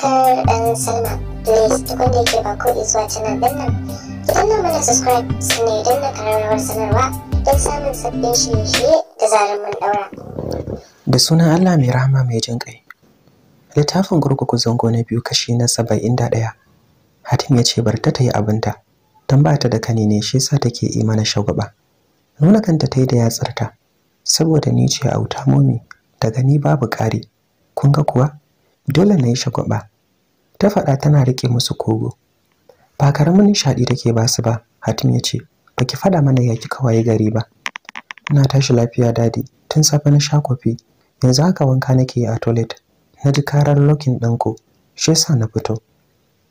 subscribe and sign up. Please da ba ko subscribe danna sanarwa don samun da sunan Allah mai rahama mai jin kai. Littafin kurkuku zango na biyu kashi na saba'in da ɗaya. Hatim ya ce bar ta ta yi abinta. don ba ta da kani ne shi yasa take yi mana shagwaba. Nuna kanta ta yi da yatsarta. Saboda ni ce auta momi daga ni babu ƙari. Kun ga kuwa? dole na yi shagwaba ta faɗa tana riƙe musu kogo ba karamin nishaɗi take ba su ba hatim ya ce ba ki faɗa mana ya kika waye gari ba na tashi lafiya dadi tun safe na sha kofi yanzu haka wanka nake yi a toilet na ji karar lokin ɗinku, shi yasa na fito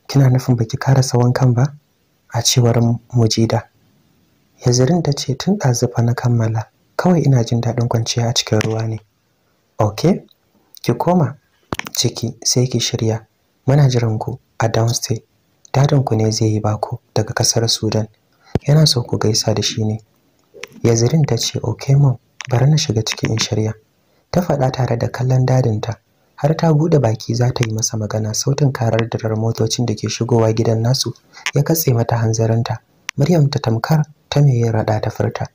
kina nufin baki karasa wankan ba a cewar mujida yazirin ta ce tun ɗazufa na kammala kawai ina jin daɗin kwanciya a cikin ruwa ne ok ki koma ciki sai ki shirya muna jiran ku a downstay dadin ku ne zai yi bako daga kasar Sudan yana so ku gaisa da shi ne Yazirin ta ce okay mom bari na shiga cikin in shirya ta faɗa tare da kallon dadinta har ta bude baki za ta yi masa magana sautin karar da motocin da ke shigowa gidan nasu ya katse mata hanzarinta Maryam ta tamkar ta me rada ta furta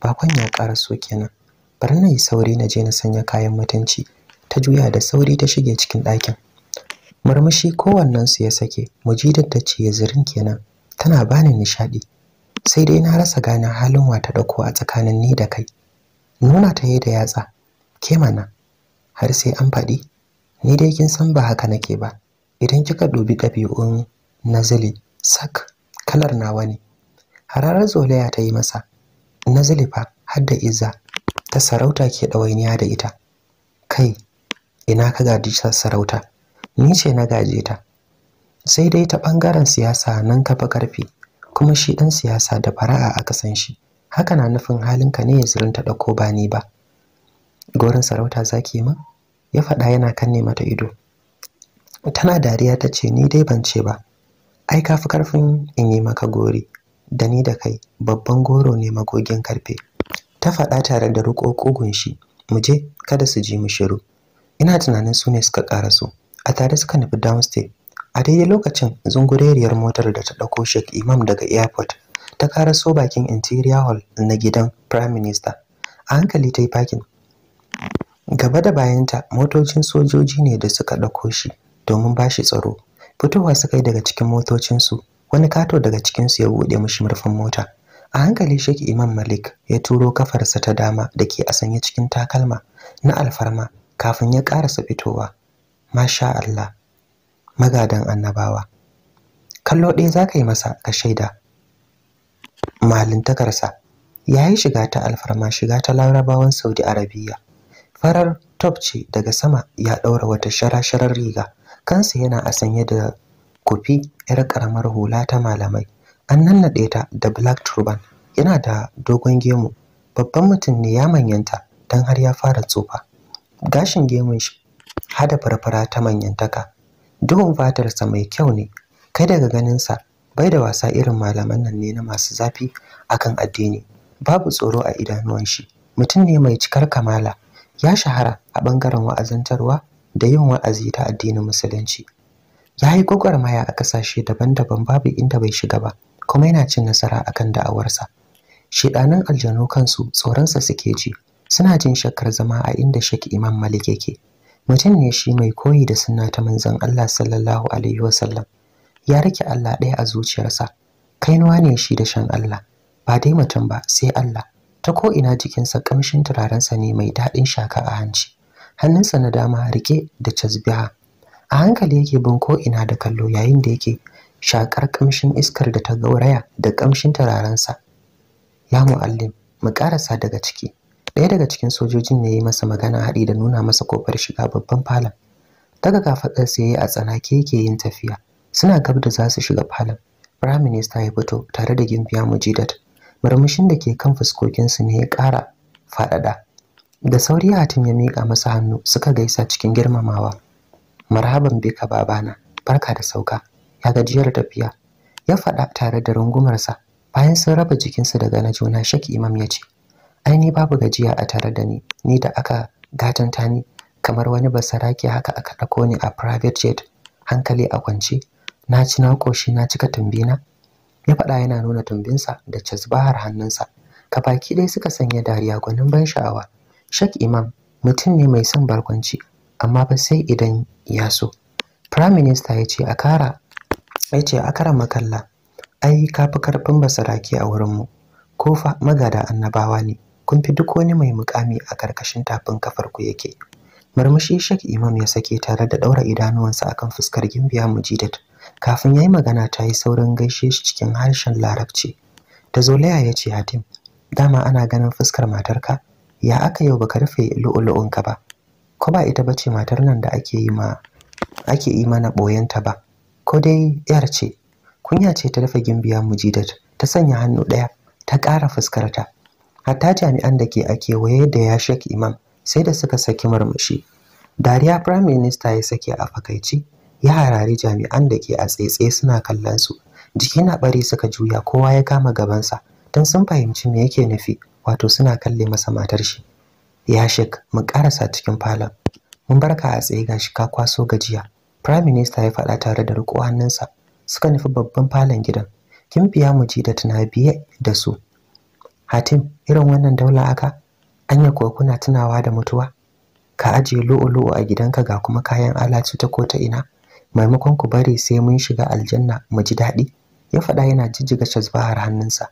bakon ya ƙara so kenan bari na yi sauri na je na sanya kayan mutunci ta juya da sauri ta shige cikin ɗakin murmushi kowannensu ya sake mujidar ta ce zirin kenan tana bani nishaɗi sai dai na rasa gane halin wata ɗauko a tsakanin ni da kai nuna ta yi da yatsa ke mana har sai an faɗi ni dai kin san ba haka nake ba idan kika dubi ɗabi'un nazili sak kalar nawa ne hararar zolaya ta yi masa nazili fa har da izza ta sarauta ke ɗawainiya da ita kai ina ka gaji sarauta ni ce na gaje ta sai dai ta ɓangaren siyasa nan kafa karfi kuma shi ɗan siyasa da fara'a aka san shi haka na nufin halinka ne ya zurin ta dauko ba ni ba gorin sarauta zaki ma ya faɗa yana kanne mata ido tana dariya ta ce ni dai ban ce ba ai ka fi ƙarfin in yi maka gori da ni da kai babban goro ne magogin karfe ta faɗa tare da riƙo ƙugun shi mu je kada su ji mu shiru ina tunanin su ne suka ƙara so a tare suka nufi downstate a daidai lokacin zungureriyar motar da ta ɗauko shek Imam daga airport ta so bakin interior hall na gidan prime minister a hankali ta yi parking gaba da bayanta motocin sojoji ne da suka ɗauko shi domin ba shi tsaro fitowa suka yi daga cikin motocinsu wani kato daga cikinsu ya buɗe mishi murfin mota a hankali shek Imam Malik ya turo kafarsa ta dama da ke a sanye cikin takalma na alfarma kafin ya ƙarasa fitowa masha Allah magadan annabawa kallo ɗaya za ka yi masa ka shaida malintakarsa ya yi shiga ta alfarma shiga ta larabawan saudi arabiya farar top ce daga sama ya ɗaura wata shara-sharar riga kansa yana a sanye da kufi 'yar ƙaramar hula ta malamai an nannaɗe ta da black turban yana da dogon gemu babban mutum ne ya manyanta don har ya fara tsufa gashin gemun shi hada farfara ta manyantaka duhun fatarsa mai kyau ne kai daga ganinsa bai da wasa irin malaman nan ne na masu zafi akan addini babu tsoro a idanuwan shi mutum ne mai cikar kamala ya shahara a bangaren wa'azantarwa da yin wa'azi ta addinin musulunci ya yi gwagwarmaya a kasashe daban-daban babu inda bai shiga ba kuma yana cin nasara akan da'awarsa shiɗanan aljanu kansu tsoronsa suke ji suna jin shakkar zama a inda shek imam malik yake mutum ne shi mai koyi da sunna ta manzon Allah sallallahu alaihi wasallam ya rike Allah ɗaya a zuciyarsa kainuwa ne shi da shan Allah ba dai mutum ba sai Allah ta ko'ina jikinsa kamshin turarensa ne mai daɗin shaka a hanci hannunsa na dama rike da casbiha a hankali yake bin ko'ina da kallo yayin da yake shakar kamshin iskar da ta gauraya da kamshin turarensa ya mu'allim mu ƙarasa daga ciki Daya daga cikin sojojin ya yi masa magana haɗi da nuna masa kofar shiga babban falon daga kafaɗarsa ya yi a tsanake yake yin tafiya suna gab da za su shiga falon prime minister ya fito tare da gimbiya mujidat murmushin da ke kan fuskokinsu ne ya ƙara faɗaɗa da sauri hatim ya mika masa hannu suka gaisa cikin girmamawa marhaban bika babana barka da sauka ya gajiyar tafiya ya faɗa tare da rungumarsa bayan sun raba jikinsa daga na juna shek imam ya ce Ai ni babu gajiya a tare da ni ni da aka gatanta ni kamar wani basarake haka aka ɗauko ni a private jet hankali a kwance na ci na koshi na cika tumbina ya faɗa yana nuna tumbinsa da cazbahar hannunsa baki dai suka sanya dariya gwanin ban sha'awa shak imam mutum ne mai son barkwanci amma ba sai idan ya so prime minister ya ce a kara ya ce a kara makalla ai ka fi karfin basarake a wurinmu ko fa magada annabawa ne kun fi duk wani mai mukami a karkashin tafin kafarku yake murmushi shek imam ya sake tare da ɗaura idanuwansa akan fuskar gimbiya mujidat kafin ya yi magana ta yi saurin gaishe shi cikin harshen larabci da zolaya ya ce hatim dama ana ganin fuskar matarka ya aka yau baka rufe lu'ulu'unka ba ko ba ita bace matar nan da ake yi ma ake yi mana ɓoyenta ba ko dai yar ce kunya ce ta rufe gimbiya mujidat ta sanya hannu ɗaya ta ƙara fuskarta hatta jami'an da ke a kewaye da ya shek imam sai da suka saki murmushi. dariya prime minister ya sake a fakaici ya harari jami'an da ke a tsaitsaye suna kallon su jiki na bari suka juya kowa ya kama gabansa don sun fahimci me yake nufi wato suna kalle masa matar shi ya shek mu karasa cikin falon mun barka a tsaye gashi ka kwaso gajiya prime minister ya faɗa tare da riko hannunsa suka nufi babban falon gidan kin biya mu ji da tuna biye da su hatim irin wannan daula aka anya kuwa kuna tunawa da mutuwa ka ajiye lu'ulu'u a gidanka ga kuma kayan alaci ta ko ta ina maimakon ku bari sai mun shiga aljanna mu ji daɗi ya faɗa yana jijjiga shazbahar hannunsa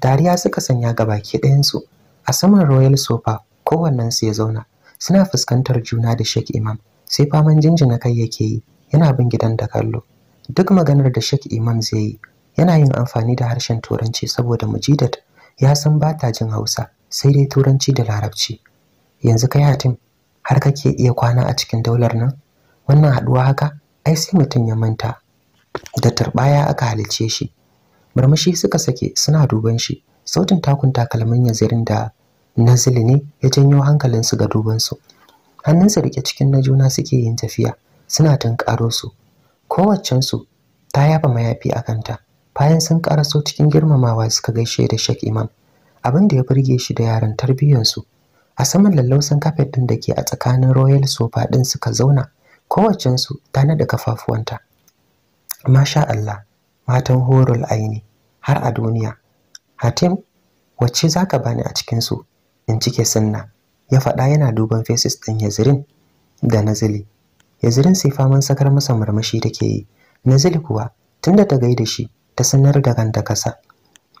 dariya suka sanya ga baki ɗayansu a saman royal sofa kowannensu ya zauna suna fuskantar juna da sheik imam sai faman jinjina kai yake yi yana bin gidan da kallo duk maganar da sheik imam zai yi yana yin amfani da harshen turanci saboda mujidat ya san ba ta jin hausa sai dai turanci da larabci yanzu kai hatim har kake iya kwana a cikin daular nan wannan haduwa haka ai sai mutum ya manta da turbaya aka halice shi murmushi suka sake suna duban shi sautin takun takalmin yazirin da nazili ne ya janyo su ga duban dubansu hannunsa rike cikin na juna suke yin tafiya suna tunkaro su su ta yafa mayafi a kanta bayan sun karaso cikin girmamawa suka gaishe da Sheikh Imam abin da ya burge shi da yaran su a saman lallausan kafet din da ke a tsakanin royal sofa din suka zauna su ta nada kafafuwanta masha Allah matan horul aini har a duniya Hatim wacce zaka bani a cikin su in cike sunna ya faɗa yana duban faces din Yazrin da Nazili Yazrin sai faman sakar masa murmushi take yi Nazili kuwa tunda ta gaida shi ta sanar da ranta kasa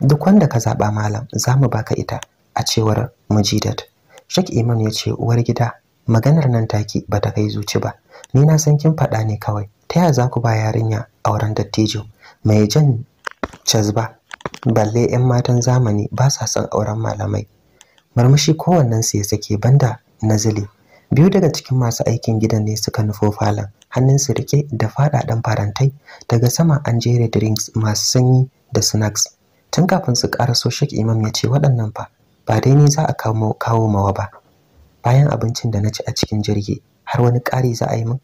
duk wanda ka zaba malam za mu baka ita a cewar mujidat shek imam ya ce uwar gida maganar nan take ba ta kai zuci ba ni na san kin faɗa ne kawai ta yaya za ku ba yarinya auren dattijo mai jan cazba balle 'yan matan zamani ba sa son auren malamai marmashi kowannen su ya sake banda nazili biyu daga cikin masu aikin gidan ne suka nufo falon hannunsu rike da faɗaɗan farantai daga sama an jere drinks masu sanyi da snacks tun kafin su karaso shek imam ya ce waɗannan fa ba dai ni za a kawo mawa ba bayan abincin da na ci a cikin jirgi har wani ƙari za a yi min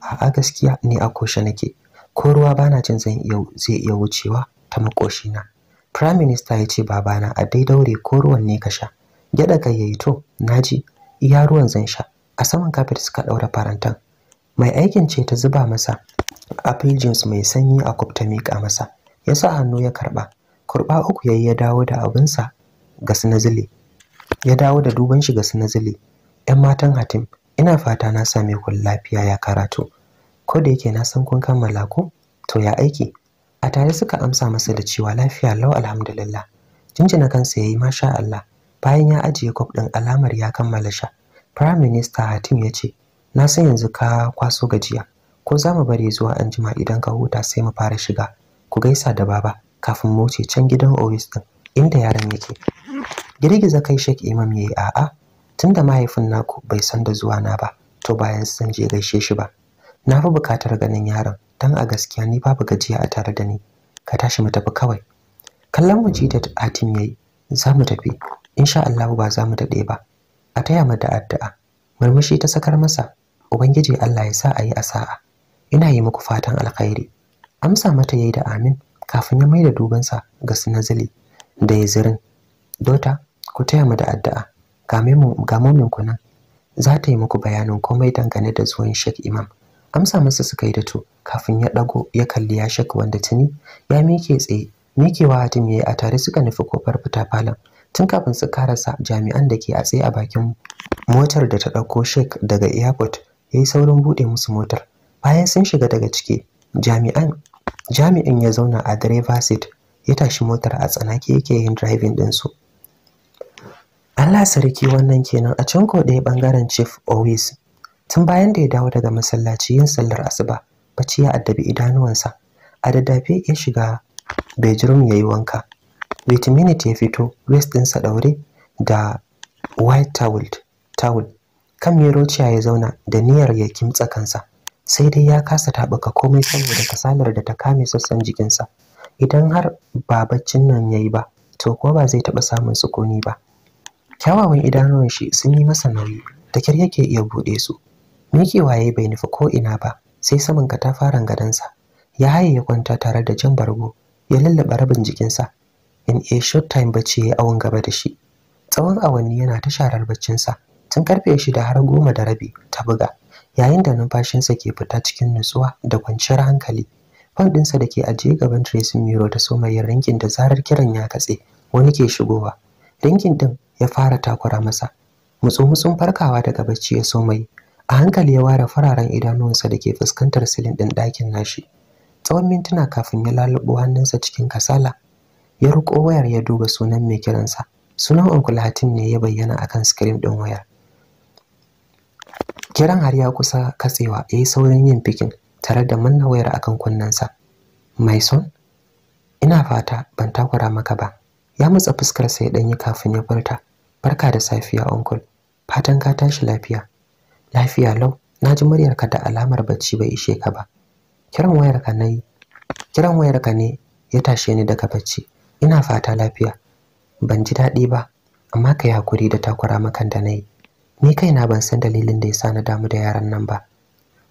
a'a gaskiya ni a koshe nake ko ruwa bana jin zan zai iya wucewa ta makoshi na? prime minister ya ce babana a dai daure ko ruwan ne ka sha gyaɗa ka yayi to naji iya ruwan zan sha a saman kafet suka ɗaura farantan mai aikin ce ta zuba masa apple juice mai sanyi a kubta mika masa ya sa hannu ya karɓa kurɓa uku yayi ya dawo da abinsa ga sinazili ya dawo da duban shi ga sinazili yan matan hatim ina fata na same ku lafiya ya karatu ko da yake na san kun kammala ko to ya aiki a tare suka amsa masa da cewa lafiya lau alhamdulillah jinjina kansa yayi masha Allah bayan ya ajiye kwaf ɗin alamar ya kammala sha Prime Minister Hatim ya ce na san yanzu ka kwaso gajiya ko za mu bari zuwa an jima idan ka huta sai mu fara shiga ku gaisa da baba kafin mu wuce can gidan oris din inda yaron yake girgiza kai Sheikh Imam yayi a'a tunda mahaifin naku bai san da zuwa na ba to bayan san je gaishe shi ba na fi bukatar ganin yaron dan a gaskiya ni babu gajiya a tare da ni ka tashi mu tafi kawai kallon da Atim yayi za mu tafi insha Allah ba za mu dade ba a taya mu da addu'a murmushi ta sakar masa ubangiji Allah ya sa a yi asa'a ina yi muku fatan alkhairi amsa mata ya yi da amin kafin ya mai da dubansa ga sinazili da ya zirin dota ku taya mu da addu'a ga momin nan za ta yi muku bayanin komai dangane da zuwan shek imam amsa masa suka yi da to kafin ya ɗago ya kalli ya shek wanda tuni ya mike tsaye mikewa hatim ya yi a tare suka nufi kofar fita falon tun kafin su karasa jami'an da ke a tsaye a bakin motar da ta ɗauko shek daga airport ya yi saurin buɗe musu motar bayan sun shiga daga ciki jami'an jami'in ya zauna a driver seat ya tashi motar a tsanake yake yin driving ɗinsu Allah sarki wannan kenan a can ko ɓangaren chief always tun bayan da ya dawo daga masallaci yin sallar asuba bacci ya addabi idanuwansa a daddafe ya shiga bedroom ya yi wanka wait minute ya fito waist ɗinsa ɗaure da white towel towel kan Merociya ya zauna da niyyar ya kimtsa kansa sai dai ya kasa tabuka komai saboda kasalar da ta kame sassan jikinsa idan har ba baccin nan yayi ba to ko ba zai taɓa samun sukuni ba kyawawan idanuwan shi sun yi masa nauyi da kyar yake iya buɗe su miki waye bai nufi ko ina ba sai saman katafaren gadonsa ya haye ya kwanta tare da jan bargo ya lallaba rabin jikinsa in a short time bacci ya awon gaba da shi tsawon awanni yana ta sharar baccinsa tun karfe shida har goma da rabi ta buga yayin da numfashinsa ke fita cikin nutsuwa da kwanciyar hankali fan ɗinsa da ke ajiye gaban Tracy miro ta somayin yin rinkin da zarar kiran ya katse wani ke shigowa rinkin ɗin ya fara takura masa mutsumutsun farkawa daga bacci ya somayi yi a hankali ya ware fararen idanuwansa da ke fuskantar silin ɗin ɗakin nashi tsawon mintuna kafin ya lalubo hannunsa cikin kasala ya ruko wayar ya duba sunan mai kiransa sunan onkulatin ne ya bayyana akan screen ɗin wayar kiran har ya kusa katsewa ya yi saurin yin fikin tare da manna wayar akan kunnensa mai son ina fata ban takura maka ba ya matsa fuskar sai danyi kafin ya furta barka da safiya uncle fatan ka tashi lafiya lafiya lau na ji muryarka da alamar bacci bai ishe ka ba kiran wayarka ne kiran wayarka ne ya tashe ni daga bacci ina fata lafiya ban ji daɗi ba amma ka yi hakuri da takura makan da na yi ni kaina ban san dalilin da ya sa na damu da yaran nan ba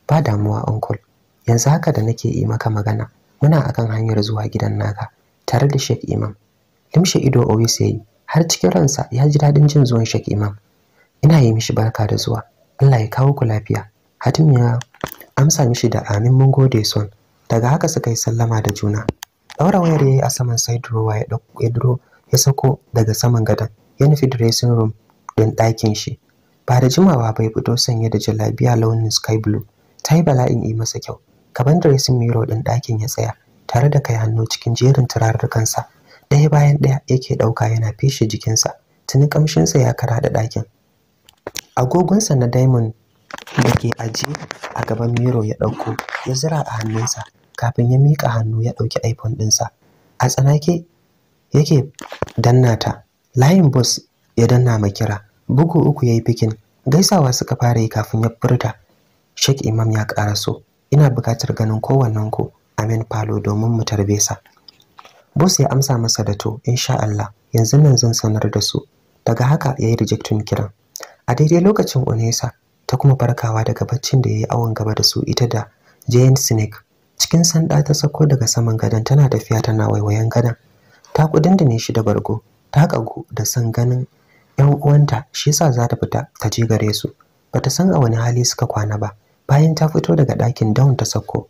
ba damuwa uncle yanzu haka da nake yi maka magana muna akan hanyar zuwa gidan naka tare da Sheikh Imam limshe ido Owis yayi har cikin ransa ya ji dadin jin zuwan Sheikh Imam ina yi mishi barka da zuwa Allah ya kawo ku lafiya Hatim ya amsa mishi da amin mun gode son daga haka suka yi sallama da juna daura wayar yayi a saman sai durowa ya dauko ya ya sako daga saman gadon ya nufi dressing room din ɗakin shi ba da jimawa bai fito sanye da jalabiya launin sky blue ta yi bala'in yi masa kyau gaban dressing mirror ɗin ɗakin ya tsaya tare da kai hannu cikin jerin turarrukansa ɗaya bayan ɗaya yake ɗauka yana feshe jikinsa tuni kamshinsa ya kara da ɗakin agogonsa na diamond da ke ajiye a gaban miro ya ɗauko ya zira a hannunsa kafin ya miƙa hannu ya ɗauki iphone ɗinsa a tsanake yake danna ta layin bus ya danna ma kira bugu uku ya yi fikin gaisawa suka fara yi kafin ya furta shek imam ya so ina buƙatar ganin kowannen ku amin Palo, domin mu tarbe sa Bus ya amsa masa da to insha Allah yanzu nan zan sanar da su daga haka ya yi rejectin kiran a daidai lokacin onesa ta kuma farkawa daga baccin da ya yi awon gaba da su ita da jane snake cikin sanda ta sako daga saman gadon tana tafiya tana waiwayen gadon ta kudin da ne shi da bargo ta kagu da san ganin 'yan uwanta shi yasa za ta fita ta je gare su bata san a wani hali suka kwana ba bayan ta fito daga ɗakin down ta sako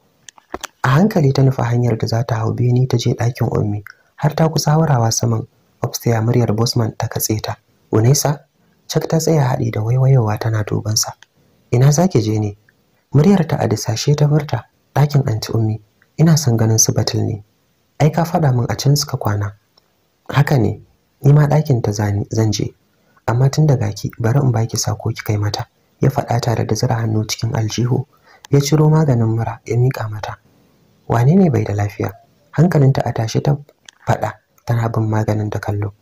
a hankali ta nufa hanyar da za ta hau beni ta je ɗakin ummi har ta kusa haurawa saman upstairs muryar bosman ta katse ta unaisa cak ta tsaya haɗi da waiwayowa tana dubansa ina zaki je ne muryar ta a disashe ta furta ɗakin anti ummi ina son ganin su batul ne ai ka faɗa min a can suka kwana haka ne ni ma ɗakin ta zan je amma tun daga ki, bari in baki sako ki kai mata ya faɗa tare da zira hannu cikin aljihu ya ciro maganin mura ya mika mata wane ne bai da lafiya hankalinta a tashi ta faɗa tana bin maganin da kallo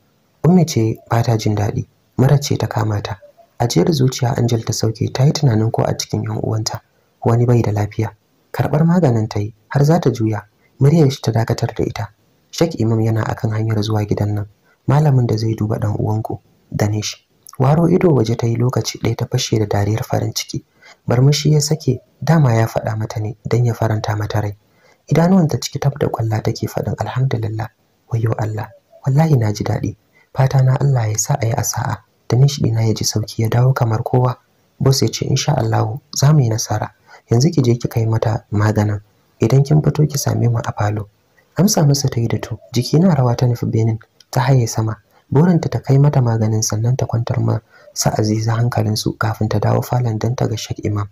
ummi ce ba ta jin daɗi mura ce ta kama ta A ajiyar zuciya Anjel ta sauke ta yi tunanin ko a cikin yan uwanta wani bai da lafiya karɓar maganin ta yi har za ta juya muryar shi ta dakatar da ita shek imam yana akan hanyar zuwa gidan nan malamin da zai duba ɗan uwanku danish waro ido waje ta yi lokaci ɗaya ta fashe da dariyar farin ciki barmishi ya sake dama ya faɗa mata ne don ya faranta mata rai idanuwanta ciki tab da kwalla take faɗin alhamdulillah wayo Allah wallahi na ji daɗi fata na Allah ya sa a yi asa'a danish ɗina ya ji sauki ya dawo kamar kowa Bos ya ce insha Allah za mu yi nasara yanzu ki je ki kai mata maganin idan kin fito ki same mu a falo amsa masa ta yi da to jiki na rawa ta nufi benin ta haye sama burinta ta kai mata maganin sannan ta kwantar ma sa aziza hankalinsu kafin ta dawo falon don ta ga shek imam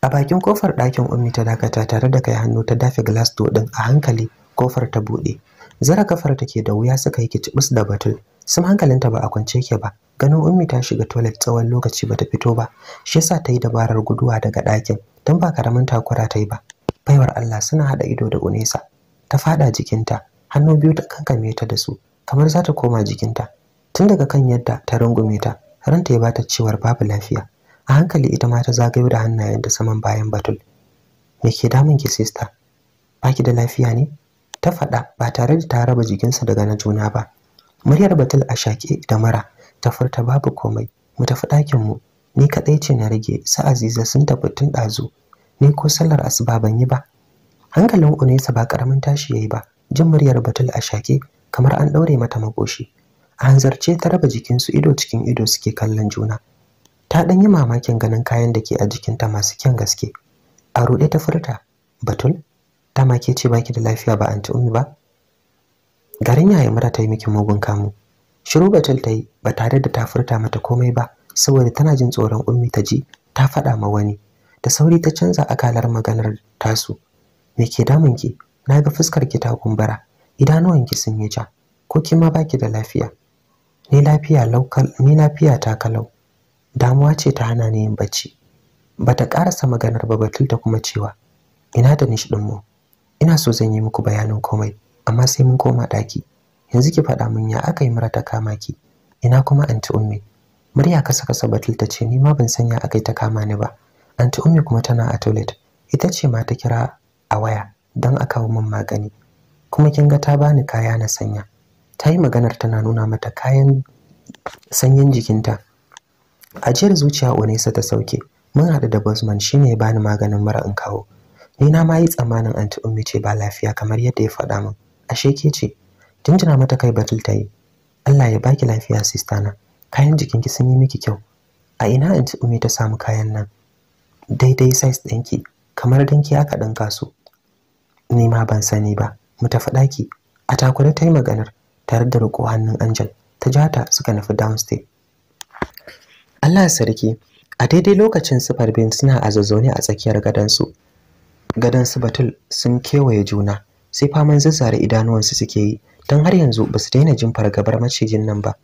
a bakin kofar ɗakin ummi ta dakata tare da kai hannu ta dafe glass door ɗin a hankali kofar ta buɗe zara kafar ta ke da wuya suka yi kicibis da batul sun hankalinta ba a kwance ke ba ganin ummi ta shiga toilet tsawon lokaci bata fito ba shi yasa ta yi dabarar guduwa daga ɗakin don ba karamin takura ta yi ba baiwar Allah suna haɗa ido da unesa ta faɗa jikinta hannu biyu ta kankame ta da su kamar za ta koma jikinta tun daga kan yadda ta rungume ta ranta ya bata cewar babu lafiya a hankali ita ma ta zagayo da hannayen da saman bayan batul me ke damun ki sister baki da lafiya ne ta faɗa ba tare da ta raba jikinsa daga na juna ba muryar batul a shaƙe da mara ta furta babu komai mu tafi ɗakin mu ni kaɗai ce na rage sa aziza sun tafi tun ɗazu ni ko sallar asuba ban yi ba hankalin unesa ba ƙaramin tashi yayi ba jin muryar batul a shaƙe kamar an ɗaure mata makoshi a hanzarce ta raba jikinsu ido cikin ido suke kallon juna ta ɗan yi mamakin ganin kayan da ke a jikinta masu kyan gaske a ruɗe ta furta batul ma ke ce baki da lafiya ba anti ummi ba garin yaya mura ta yi miki mugun kamu shiru batul ta yi ba tare da ta furta mata komai ba saboda tana jin tsoron ummi ta ji ta faɗa ma wani da sauri ta canza akalar maganar tasu me ke damun ki na ga fuskar ki ta kumbura idanuwanki sun yi ja ko ki ma baki da lafiya ni lafiya laukal ni lafiya ta kalau damuwa ce ta hana ni yin bacci bata karasa maganar ba batul da kuma cewa ina da nishi din mu ina so zan yi muku bayanin komai amma sai mun koma daki yanzu ki faɗa mun ya aka yi mura ta kama ki ina kuma anti ummi murya kasa kasa batul ta ce ni ma ban sanya aka yi ta kama ni ba anti ummi kuma tana a toilet ita ce ma ta kira a waya don a kawo min magani kuma kin ga ta bani kaya na sanya ta yi maganar tana nuna mata kayan sanyin jikinta ajiyar zuciya onesa ta sauke mun haɗu da bosman shine ya bani maganin mara in kawo ni na ma yi tsammanin anti ummi ce ba lafiya kamar yadda ya faɗa min ashe ke ce jinjina mata kai batul ta yi allah ya baki lafiya sista na kayan jikinki sun yi miki kyau a ina anti ummi ta samu kayan nan daidai size ɗinki kamar danki aka ɗinka su ni ma ban sani ba mu tafi ɗaki a takure ta yi maganar tare da roƙo hannun angel ta ja ta suka nufi downstay allah sarki a daidai lokacin su bin suna a zazzaune a tsakiyar gadansu su batul sun kewaye juna sai faman zazzare idanuwansu suke yi don har yanzu ba su daina jin fargabar macijin nan ba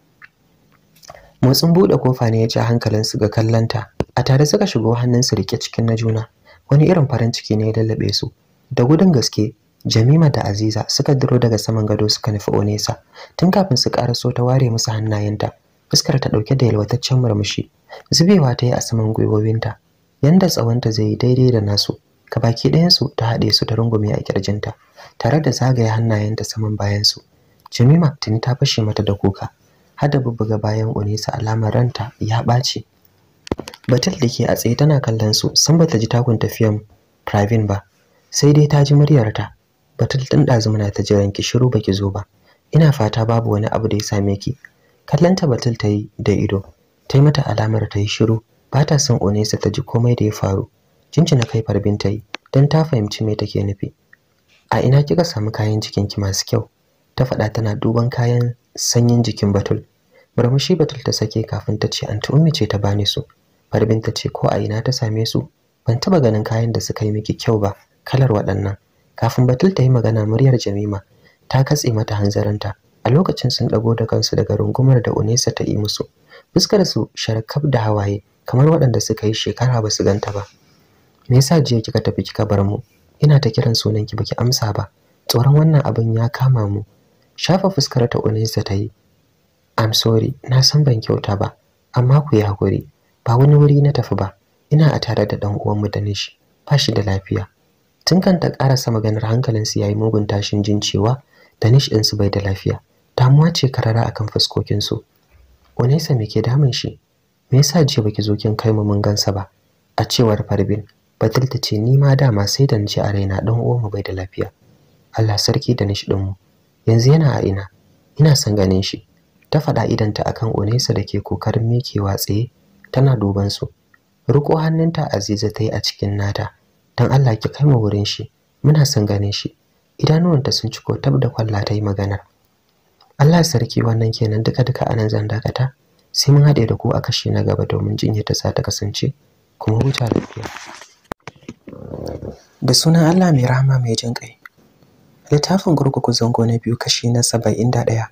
motsin buɗe kofa ne ya ci hankalinsu ga kallonta a tare suka shigo hannunsu rike cikin na juna wani irin farin ciki ne ya lallaɓe su da gudun gaske Jamima da Aziza suka duro daga saman gado suka nufi Onesa tun kafin su karaso ta ware musu hannayenta fuskar ta ɗauke da yalwataccen murmushi zubewa ta yi a saman gwiwowinta yanda tsawonta zai yi daidai da nasu ka baki ɗayansu ta haɗe su ta rungume a kirjinta tare da zagaye hannayenta saman bayansu Jamima tuni ta fashe mata da kuka har da bubbuga bayan Onesa alamar ranta ya ɓaci Batul da ke a tsaye tana kallon su san bata ji takun tafiyan Pravin ba sai dai ta ji muryarta batul ɗin ɗazu muna ta jiran ki shiru baki zo ba ina fata babu wani abu da ya same ki kallanta batul ta da ido tayi mata alamar ta shiru ba ta son onesa ta ji komai da ya faru cincina kai farbin ta yi don ta fahimci me take nufi a ina kika samu kayan ki masu kyau ta faɗa tana duban kayan sanyin jikin batul murmushi batul ta sake kafin ta ce anti ummi ce ta bani su farbin ta ce ko a ina ta same su ban taba ganin kayan da suka yi miki kyau ba kalar waɗannan kafin batul ta yi magana muryar jamima ta katse mata hanzarinta a lokacin sun ɗago da kansu daga rungumar da unesa ta yi musu fuskar su sharkaf da hawaye kamar waɗanda suka yi shekara ba su ganta ba me yasa jiya kika tafi kika bar mu ina ta kiran sunan ki baki amsa ba tsoron wannan abin ya kama mu shafa fuskar ta unesa ta yi i'm sorry na san ban kyauta ba amma ku yi hakuri ba wani wuri na tafi ba ina a tare da dan uwan mu da nishi ba shi da lafiya tun kan ta karasa maganar hankalinsu yi mugun tashin jin cewa danish ɗinsu bai da lafiya damuwa ce karara akan fuskokinsu onesa me ke damun shi me yasa jiya baki zo kin kai mu mun gansa ba a cewar farbin batul ta ce ni ma dama sai da nace a raina dan uwanmu bai da lafiya Allah sarki da nishi mu yanzu yana a ina ina son ganin shi ta faɗa idanta akan onesa da ke kokarin mikewa tsaye tana duban su riko hannunta aziza ta yi a cikin nata dan Allah ki kai mu wurin shi muna son ganin shi idanuwanta sun ciko tab da kwalla ta yi maganar Allah sarki wannan kenan duka duka anan zan dakata sai mun haɗe da ku a kashi na gaba domin jin ta za ta kasance kuma huta lafiya da sunan Allah mai rahama mai jin kai littafin kurkuku zango na biyu kashi na saba'in da ɗaya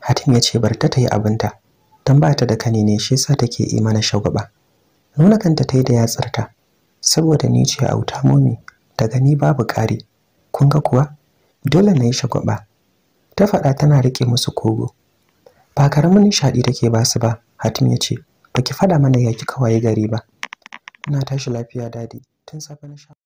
hatim ya ce barta ta yi abinta don ba ta da kani ne shi sa take yi mana shagwaba nuna kanta ta yi da yatsarta saboda ni ce auta momi daga ni babu kare kun ga kuwa dole na yi shagwaba ta faɗa tana riƙe musu kogo ba karamin nishaɗi take ba su ba hatim ya ce baki faɗa mana ya kika waye gari ba ina tashi lafiya dadi tun safe na sha